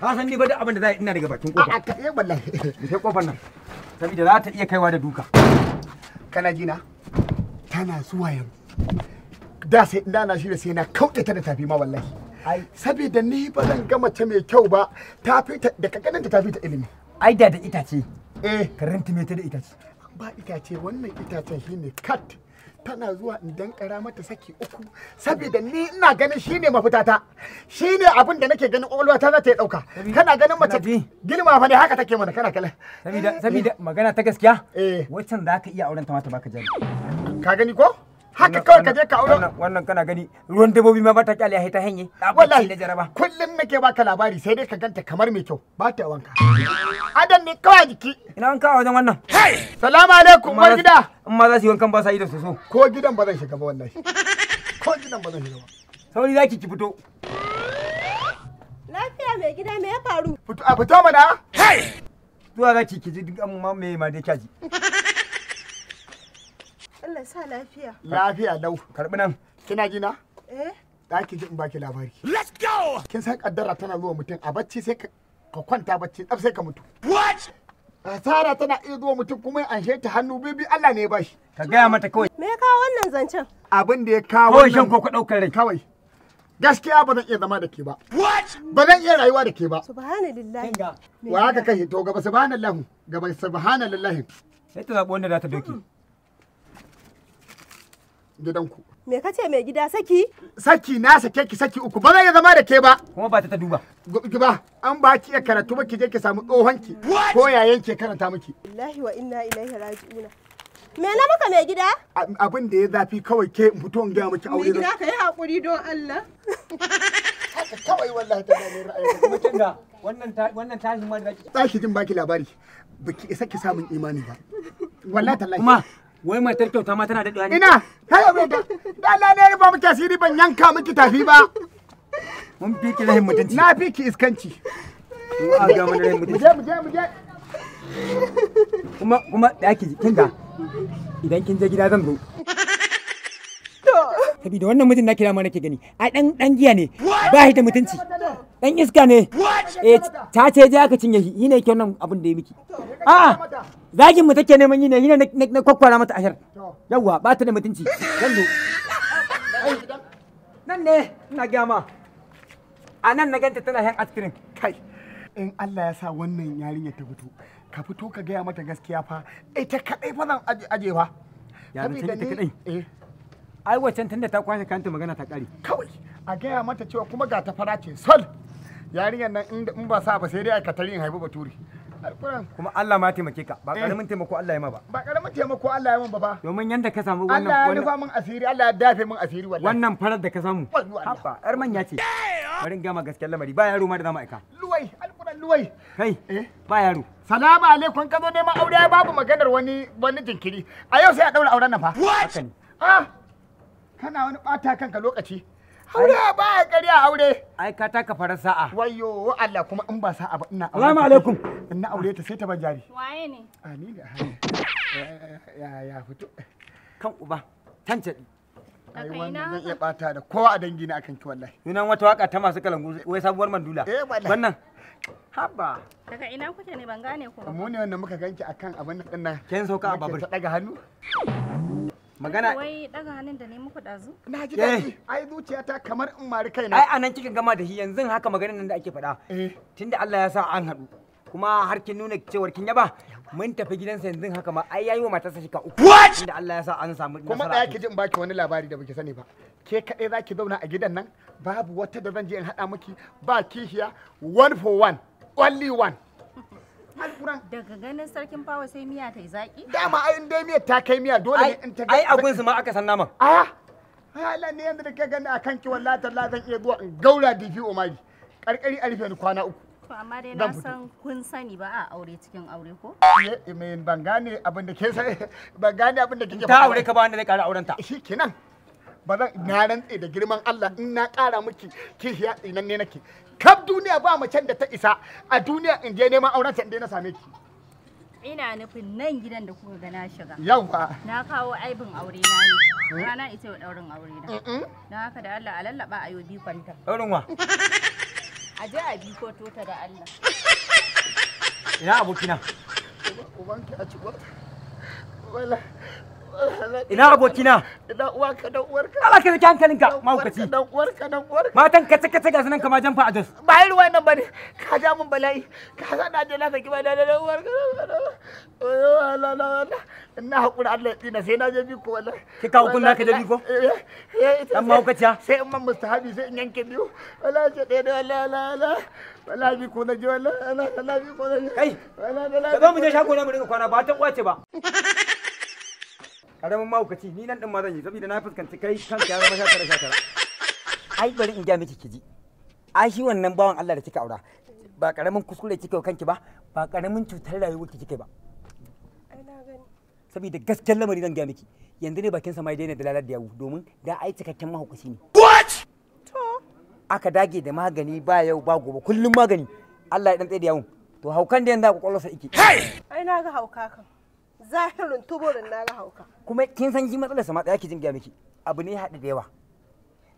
ka san ni ba duk abin da za ina daga bakin kofa a kai wallahi sai kofar nan saboda za ta iya kaiwa da duka kana jina tana zuwa yanzu da sai ina na shirya sai na kauɗe ta da tafi ma wallahi saboda ni ba zan ga mace mai kyau ba ta fita da ka ta fita ilimi ai da da itace eh ka rantime ta da itace ba itace wannan itacen shine kat tana zuwa in kara mata saki uku saboda ni ina ganin shine mafita ta shine abin da nake ganin kwakwalwa ta za ta yi dauka kana ganin mace girma fa ne haka take mana kana kala saboda eh. magana ta gaskiya eh. waccan za ka iya auren ta mata baka jari ka gani ko haka kawai ka je ka aure wannan kana gani ruwan dabobi ma ba ta kyale ta hanye wallahi da jaraba kullum nake baka labari sai dai ka ganta kamar mai kyau ba ta wanka adan ne kawai jiki ina wanka wajen wannan salamu alaikum mai gida in ma za su yi wankan ba sa yi da su so ko gidan ba zan shiga ba wallahi ko gidan ba zan shiga ba sauri zaki ki fito lafiya mai gida me ya faru fito a fito mana zuwa zaki ki ji duk amma me ma da kyaji Allah sa lafiya. Lafiya dau. Karbi nan. Kina ji na? Eh. Daki ji in baki labari. Let's go. Kin san kaddara tana zuwa mutum a bacci sai ka kwanta bacci tsaf sai ka mutu. What? Asara tana iya zuwa mutum kuma an anshe ta hannu bibi Allah ne ya bashi. Ka gaya mata kawai. Me ya kawo wannan zancen? Abin da ya kawo. Kawai shan koko ɗaukar rai. Kawai. gaskiya ba zan iya zama da ke ba. Ba zan iya rayuwa da ke ba. Subhanallah. Wa haka kai to gaba subhanallahu gaba subhanallah. Sai ta zaɓi wanda za ta doki. gidanku. Me ka ce mai gida saki? Saki na sake ki saki uku ba zai zama da ke ba. Kuma ba ta ta duba. Ba an ba ki iya karatu ba ki je ki samu tsohon ki ko yayan ki karanta miki. Wallahi wa inna ilaihi raji'un. Me na maka mai gida? Abin da ya zafi kawai ke mutum ga miki aure. Mai gida ka yi hakuri don Allah. Haka kawai wallahi ta gane ra'ayi. Mutum ga wannan wannan tashin ma da ki. Tashi jin baki labari. Baki isa ki samun imani ba. Wallahi tallahi. Wai matar kyauta ma tana daɗewa ne? Ina, kai abu da Allah ne ba miki asiri ban yanka miki tafi ba. Mun fi ki rahin mutunci. Na fi ki iskanci. Mun a ga mana rahin mutunci. je mu je Kuma kuma da ake kin ga idan kin je gida zan zo. da wannan mutum na kira mana ke gani, a ɗan ɗan giya ne, ba shi da mutunci. Ɗan iska ne, eh ta ce je aka cinye shi, yi ne kyau nan abin da ya miki. A'a, zagin mu take neman yi ne yi ne na kwakwara mata ashar yawwa ba ta da mutunci nan ne ina gama a nan na ganta tana shan cream kai in Allah ya sa wannan yarinya ta fito ka fito ka gaya mata gaskiya fa ita kadai fa zan aje fa ya ta kadai eh ai wacan tunda ta kwashe kanta magana ta kare kawai a gaya mata cewa kuma ga ta fara ce sol yarinyar nan in ba sa ba sai dai a katarin haibu baturi kuma Allah ma taimake ka ba karamin eh. taimako Allah ya ma ba ba karamin taimako Allah ya ma ba domin yanda ka samu wannan Allah ya nufa min asiri Allah ya dafe min asiri wallahi wannan farar da ka samu haba yar manya ce bari in gama gaskiyar lamari ba yaro ma da zama aika luwai alquran luwai kai eh? ba yaro salamu alaikum ka zo neman aure babu maganar wani wani jinkiri a yau sai a daura auren nan fa hakan ah kana wani bata kanka lokaci Haure ba a kariya aure. Ai ka taka farar sa'a. wayo Allah kuma in ba sa'a ba ina aure. Assalamu alaikum. In na aure ta sai ta ban jari. Waye ne? Ani ah, da ah, eh, Ya ya fito. Kan uba. Tance. Ai wannan zan iya bata da kowa a dangi na akan ki wallahi. Sunan wata waka ta masu kalangu wai sabuwar mandula. Eh, wannan Haba. Daga ina kuke ne ban gane ku ba. Mu ne wannan muka ganki akan abin nan. Kin sauka a babur. Ta daga hannu. magana wai daga hannun da ne muku dazu na ji dazu ai zuciya ta kamar in mari kaina ai anan kika gama da shi yanzu haka maganar nan da ake faɗa eh. tunda Allah ya sa an haɗu kuma har kin nuna cewar kin yaba mun tafi gidansa yanzu haka ma ai yayi wa matarsa shika uku tunda Allah ya sa an samu nasara kuma da yake jin baki wani labari da baki sani ba ke kadai zaki zauna a gidan nan babu wata da zan je in haɗa miki ba kishiya one for one only one alkuran daga ganin sarkin fawa sai miya ta yi zaki dama ai dai miyar ta kai miya dole ne in ta ai abun su ma aka san naman ah, a hala ne yanzu da ke gani akan ki wallahi talla zan iya zuwa in gaura difi umari karkari alfe ni kwana uku to amma dai na san kun sani ba a aure cikin aure ko eh, eh me ban gane abin da ke ban gane abin da kike ta aure ka ba wanda zai kara aurenta eh, shikenan ba zan na rantse da girman Allah in na ƙara miki kihiya tsinan ne nake kaf duniya ba macen da ta isa a duniya in je neman auren ta dai na same ki ina nufin nan gidan da kuka ga na shiga yawa na kawo aibin aure na ne hmm? rana ita wa daurin aure na na haka da Allah a ayo a kwanta daurin wa a je a bi ko tota da Allah ina abokina ubanki a ci wala ina abokina ina uwanka dan uwarka Allah ka rike hankalinka mahaukaci dan uwarka dan uwarka matan ka tsaka tsaka sunan ka ma jamfa a jos ba irin wannan bane ka ja mun bala'i ka sa na je na saki ba da dan uwarka Allah la. ina hakuri Allah ya tsina sai na je biko wallahi ki ka kun ka je biko eh, eh, dan mahaukaciya sai in man mustahabi sai in yanke biyu wallahi ce dai la. wallahi wallahi ko na je wallahi wallahi biko na je kai wallahi la. ka zo mu je shago na mu rinka kwana ba ta kwace ba karamin mahaukaci ni nan din ma zan yi saboda na fuskanci kai kanka ya zama shakara shakara ai bari in ga miki kiji ai shi wannan bawan Allah da kika aura ba karamin kuskure kike wa kanki ba ba karamin cutar rayuwar kike ba saboda gaskiyar lamari zan ga miki yanzu ne bakin sa mai daina dalalar da yawu domin da ai cikakken mahaukaci ne what to aka dage da magani ba yau ba gobe kullum magani Allah ya dan tsaye da yawun to haukan da yanzu a kwakwalwarsa ike ai na ga hauka kan zahirin tuburin na ga hauka kuma kin san ji matsalar sa ma tsaya ki jin gaya miki abu ne haɗu da yawa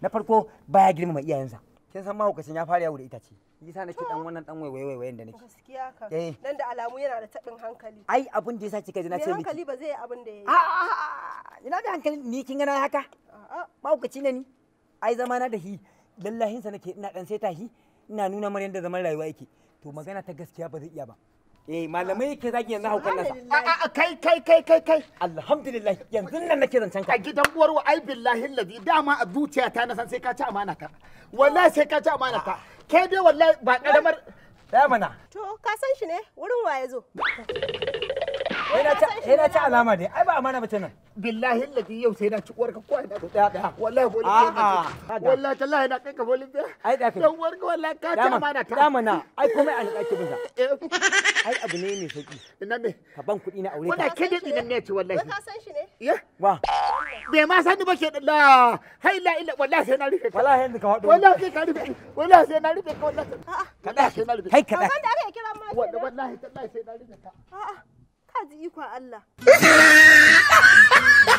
na farko baya girmama iyayensa kin san mahaukacin ya fara yawo da itace yasa nake dan wannan dan waiwaye waiwayen da nake gaskiya ka dan eh. da alamu yana da tabin hankali ai abin da yasa kika ji na ce miki hankali ba zai yi abin da yayi ina da hankali ni kin gana haka mahaukaci ne ni ai zama na da hi lallahin sa nake ina dan sai hi. ina nuna mana da zaman rayuwa yake to magana ta gaskiya ba zai iya ba eh malamai yake zagi yanzu haukan nasa a kai kai kai kai kai alhamdulillah yanzu nan nake zancen ka a gidan uwar wa ai billahi ladi dama a zuciyata na san sai ka ci amana ka. wallahi sai ka ci amana ka. kai dai wallahi ba karamar da mana to ka san shi ne wurin wa ya zo Yana ta alama dai, ai ba amana ba ta nan. billahi ladi yau sai na ci uwar ka kwai na daya daya wallahi wallahi tallahi na kai ka ai da kai uwar ka wallahi ka ta ta ai komai an bisa eh. ai abu ne mai ina me ka ban na aure ka ne ce wallahi ka san shi ne ya eh. wa bai ma sani ba ke la la illa wallahi sai na rufe ka wallahi yanzu ka wallahi sai ka rufe wallahi sai na rufe ka wallahi ka da sai na rufe kai ka da wallahi tallahi sai na rufe ka a'a Ka ji ikon Allah.